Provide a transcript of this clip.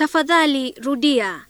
Tafadhali rudia.